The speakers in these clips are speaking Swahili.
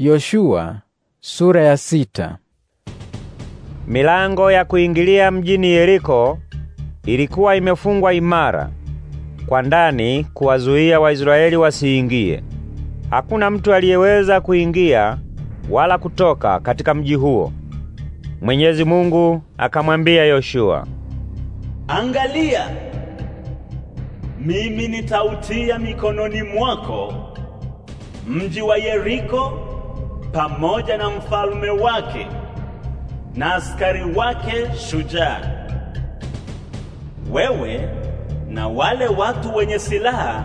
Yoshua sura ya sita. Milango ya kuingilia mjini Yeriko ilikuwa imefungwa imara kwa ndani kuwazuia Waisraeli wasiingie. Hakuna mtu aliyeweza kuingia wala kutoka katika mji huo. Mwenyezi Mungu akamwambia Yoshua, Angalia, mimi nitautia mikononi mwako mji wa Yeriko pamoja na mfalme wake na askari wake shujaa. Wewe na wale watu wenye silaha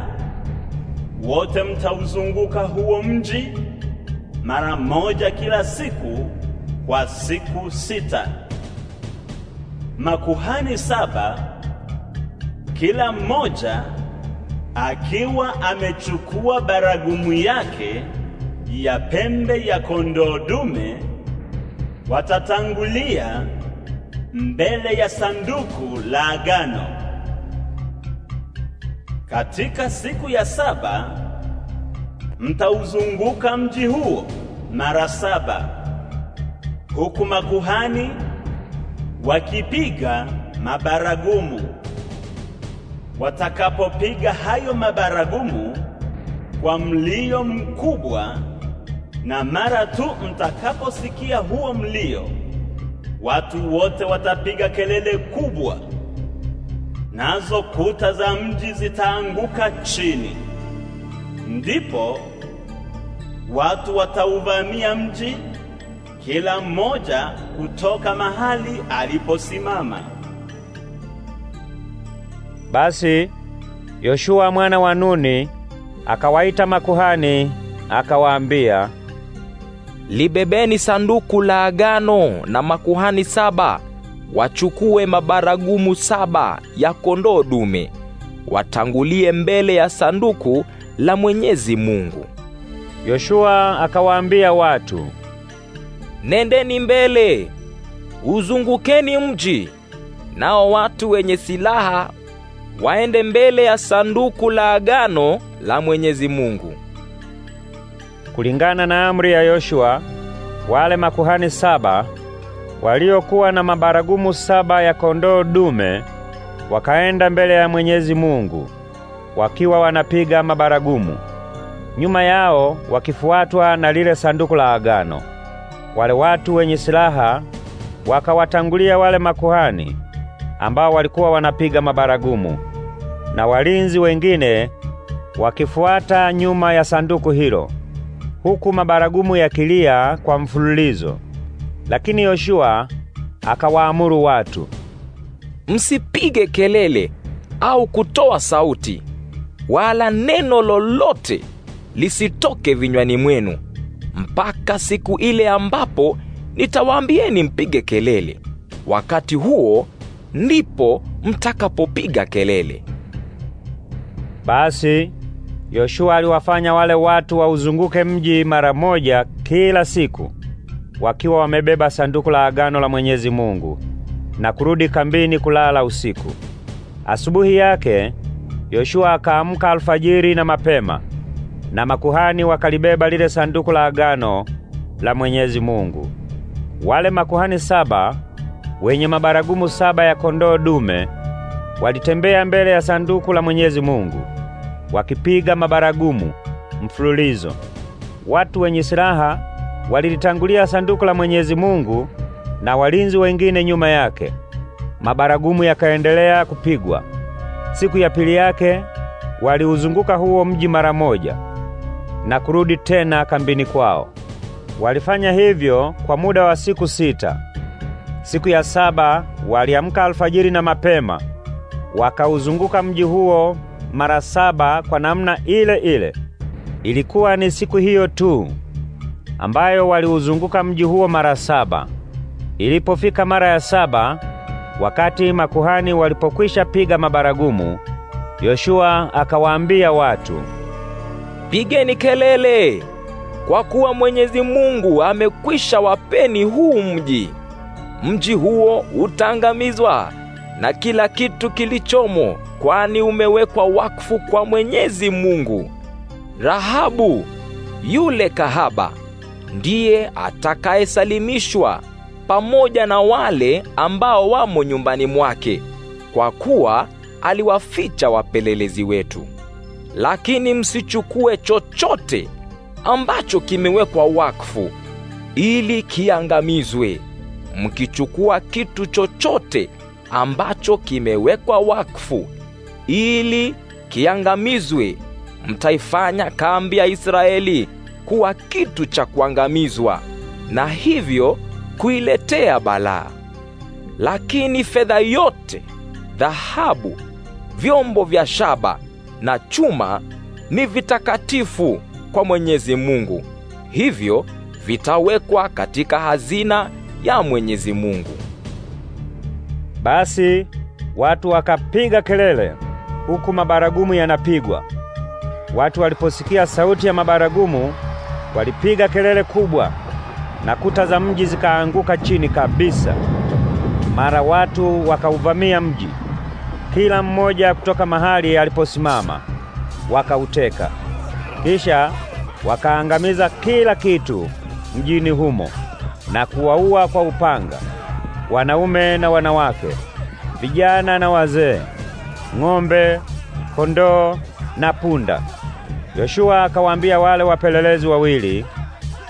wote mtauzunguka huo mji mara moja kila siku kwa siku sita. Makuhani saba kila mmoja akiwa amechukua baragumu yake ya pembe ya kondoo dume watatangulia mbele ya sanduku la agano. Katika siku ya saba mtauzunguka mji huo mara saba, huku makuhani wakipiga mabaragumu. Watakapopiga hayo mabaragumu kwa mlio mkubwa na mara tu mtakaposikia huo mlio, watu wote watapiga kelele kubwa, nazo kuta za mji zitaanguka chini. Ndipo watu watauvamia mji, kila mmoja kutoka mahali aliposimama. Basi Yoshua mwana wa Nuni akawaita makuhani, akawaambia Libebeni sanduku la agano na makuhani saba wachukue mabaragumu saba ya kondoo dume, watangulie mbele ya sanduku la Mwenyezi Mungu. Yoshua akawaambia watu, nendeni mbele, uzungukeni mji, nao watu wenye silaha waende mbele ya sanduku la agano la Mwenyezi Mungu. Kulingana na amri ya Yoshua, wale makuhani saba waliokuwa na mabaragumu saba ya kondoo dume wakaenda mbele ya Mwenyezi Mungu wakiwa wanapiga mabaragumu, nyuma yao wakifuatwa na lile sanduku la agano. Wale watu wenye silaha wakawatangulia wale makuhani ambao walikuwa wanapiga mabaragumu, na walinzi wengine wakifuata nyuma ya sanduku hilo huku mabaragumu yakilia kwa mfululizo. Lakini Yoshua akawaamuru watu, msipige kelele au kutoa sauti, wala neno lolote lisitoke vinywani mwenu mpaka siku ile ambapo nitawaambieni mpige kelele. Wakati huo ndipo mtakapopiga kelele. Basi Yoshua aliwafanya wale watu wauzunguke mji mara moja kila siku wakiwa wamebeba sanduku la agano la Mwenyezi Mungu na kurudi kambini kulala usiku. Asubuhi yake Yoshua akaamka alfajiri na mapema, na makuhani wakalibeba lile sanduku la agano la Mwenyezi Mungu. Wale makuhani saba wenye mabaragumu saba ya kondoo dume walitembea mbele ya sanduku la Mwenyezi Mungu wakipiga mabaragumu mfululizo. Watu wenye silaha walilitangulia sanduku la Mwenyezi Mungu na walinzi wengine nyuma yake. Mabaragumu yakaendelea kupigwa. Siku ya pili yake waliuzunguka huo mji mara moja na kurudi tena kambini kwao. Walifanya hivyo kwa muda wa siku sita. Siku ya saba waliamka alfajiri na mapema, wakauzunguka mji huo mara saba kwa namna ile ile. Ilikuwa ni siku hiyo tu ambayo waliuzunguka mji huo mara saba. Ilipofika mara ya saba, wakati makuhani walipokwisha piga mabaragumu, Yoshua akawaambia watu, pigeni kelele, kwa kuwa Mwenyezi Mungu amekwisha wapeni huu mji. Mji huo utaangamizwa na kila kitu kilichomo kwani umewekwa wakfu kwa Mwenyezi Mungu. Rahabu yule kahaba ndiye atakayesalimishwa pamoja na wale ambao wamo nyumbani mwake, kwa kuwa aliwaficha wapelelezi wetu. Lakini msichukue chochote ambacho kimewekwa wakfu ili kiangamizwe. Mkichukua kitu chochote ambacho kimewekwa wakfu ili kiangamizwe. Mtaifanya kambi ya Israeli kuwa kitu cha kuangamizwa, na hivyo kuiletea balaa. Lakini fedha yote, dhahabu, vyombo vya shaba na chuma ni vitakatifu kwa Mwenyezi Mungu, hivyo vitawekwa katika hazina ya Mwenyezi Mungu. Basi watu wakapiga kelele huku mabaragumu yanapigwa. Watu waliposikia sauti ya mabaragumu walipiga kelele kubwa na kuta za mji zikaanguka chini kabisa. Mara watu wakauvamia mji, kila mmoja kutoka mahali aliposimama wakauteka. Kisha wakaangamiza kila kitu mjini humo na kuwaua kwa upanga, wanaume na wanawake, vijana na wazee, ng'ombe, kondoo na punda. Yoshua akawaambia wale wapelelezi wawili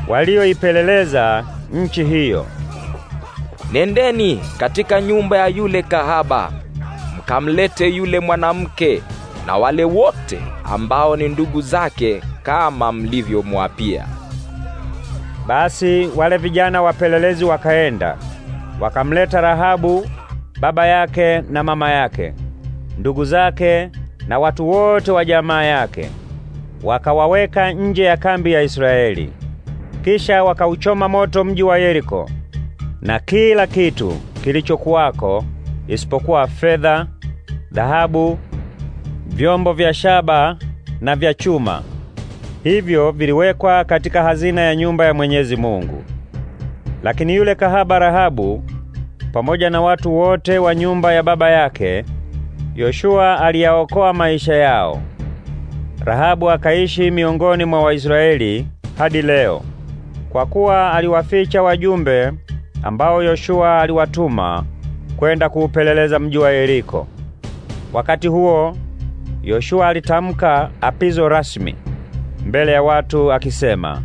walioipeleleza nchi hiyo, nendeni katika nyumba ya yule kahaba mkamlete yule mwanamke na wale wote ambao ni ndugu zake kama mlivyomwapia. Basi wale vijana wapelelezi wakaenda wakamleta Rahabu baba yake na mama yake ndugu zake na watu wote wa jamaa yake, wakawaweka nje ya kambi ya Israeli. Kisha wakauchoma moto mji wa Yeriko na kila kitu kilichokuwako, isipokuwa fedha, dhahabu, vyombo vya shaba na vya chuma. Hivyo viliwekwa katika hazina ya nyumba ya Mwenyezi Mungu. Lakini yule kahaba Rahabu pamoja na watu wote wa nyumba ya baba yake Yoshua aliyaokoa maisha yao. Rahabu akaishi miongoni mwa Waisraeli hadi leo, kwa kuwa aliwaficha wajumbe ambao Yoshua aliwatuma kwenda kuupeleleza mji wa Yeriko. Wakati huo Yoshua alitamka apizo rasmi mbele ya watu akisema,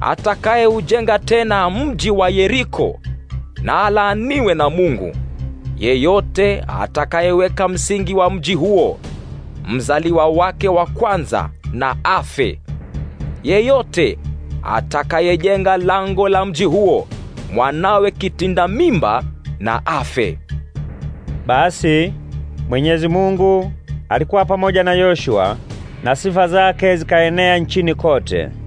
atakaye ujenga tena mji wa Yeriko na alaaniwe na Mungu yeyote atakayeweka msingi wa mji huo, mzaliwa wake wa kwanza na afe. Yeyote atakayejenga lango la mji huo, mwanawe kitinda mimba na afe. Basi Mwenyezi Mungu alikuwa pamoja na Yoshua na sifa zake zikaenea nchini kote.